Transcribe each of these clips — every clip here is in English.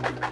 Thank you.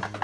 Thank you.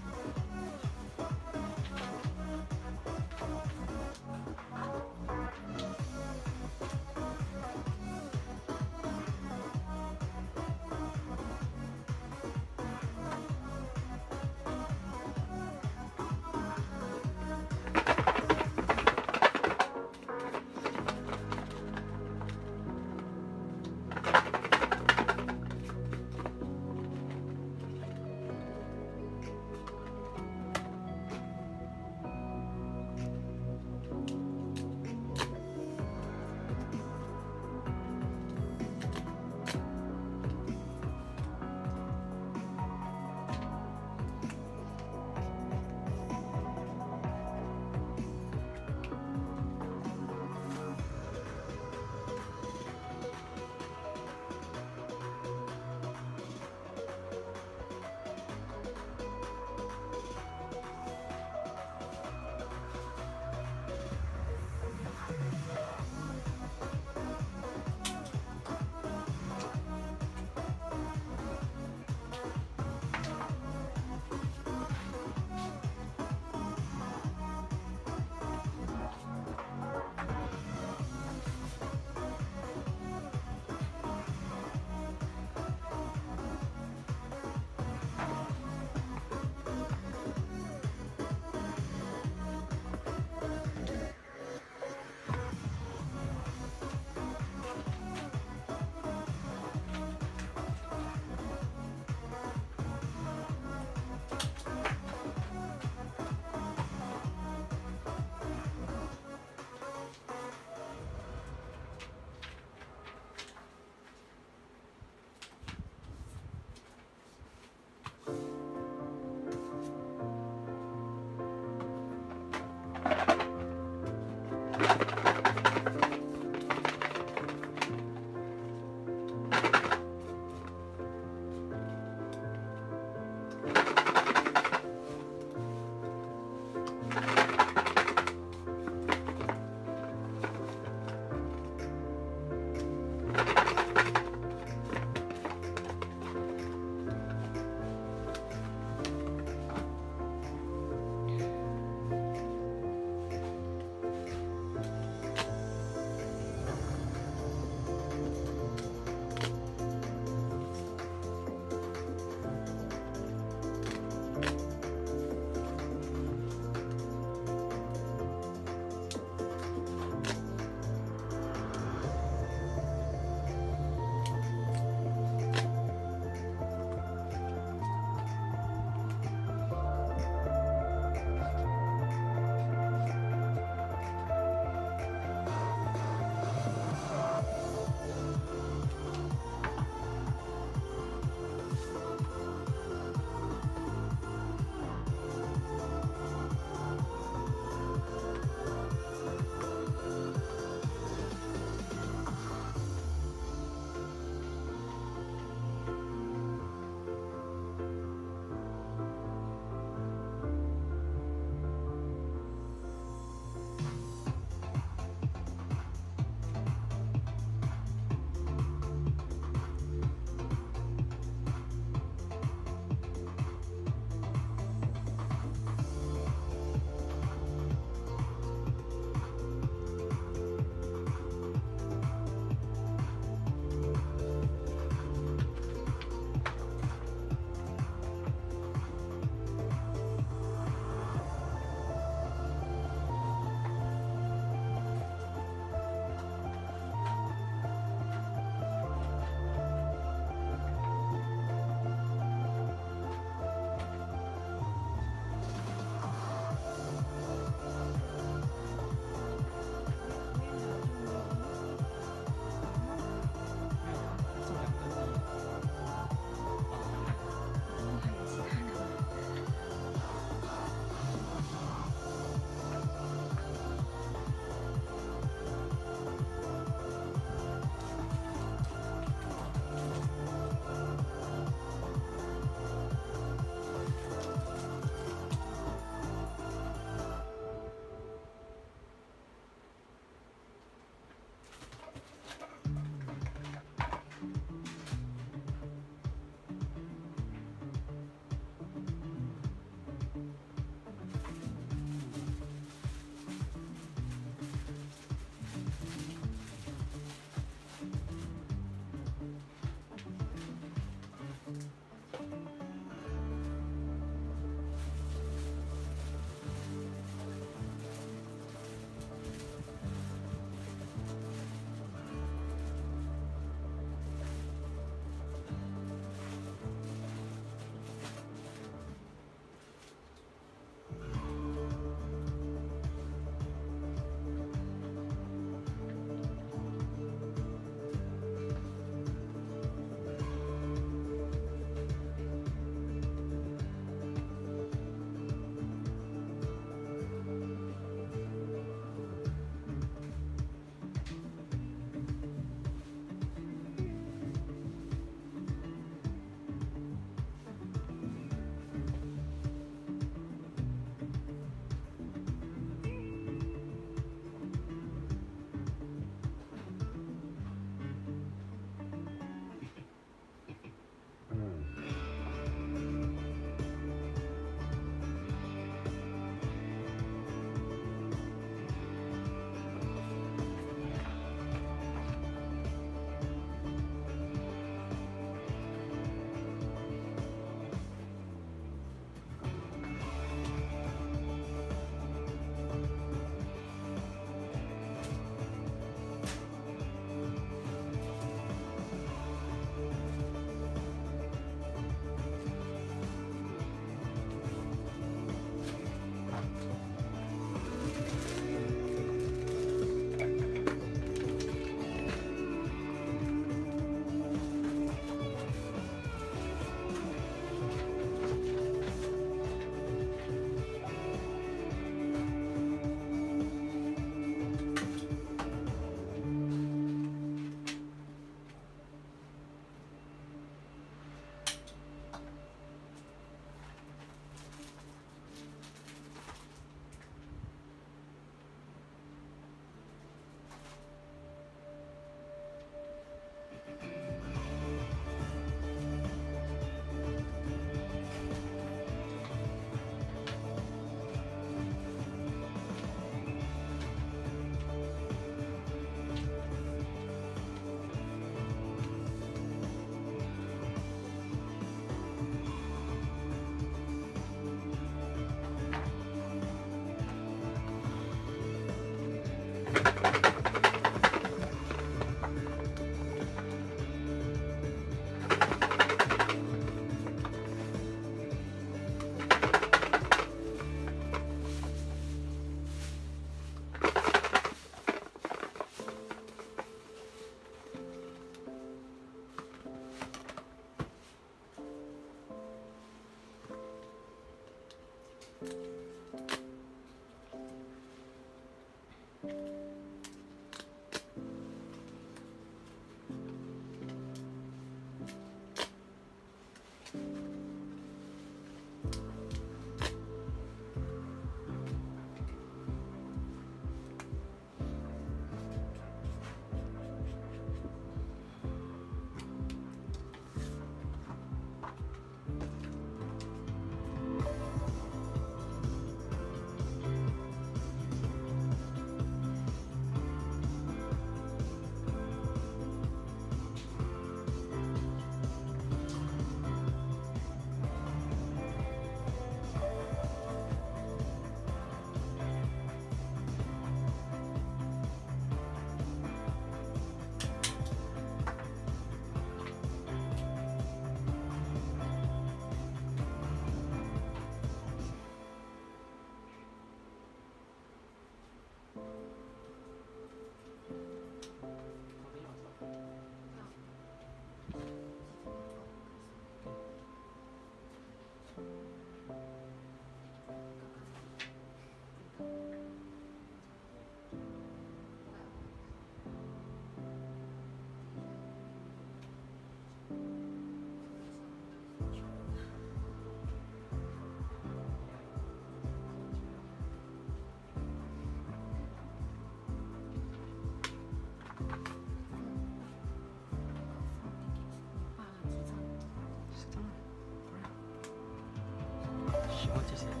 好，谢谢。